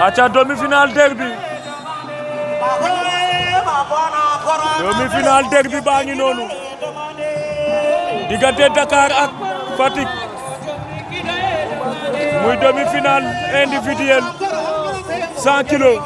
aca demi-finale derby demi-finale derby baa ngi noonu diggante Dakar ak Fatick muy demi-finale individuelle 100 kilos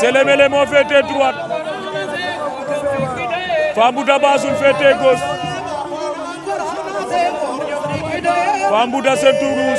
Sélé-Mélé moo féetee droite Fambouda Bassoul féetee gauche Fambouda ceinture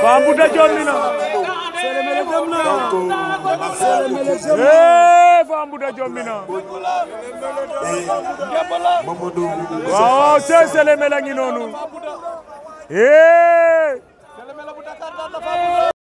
Fambouta jolli na Selemele dem na na eh Fambouta jolli na Mamadou waaw Selemele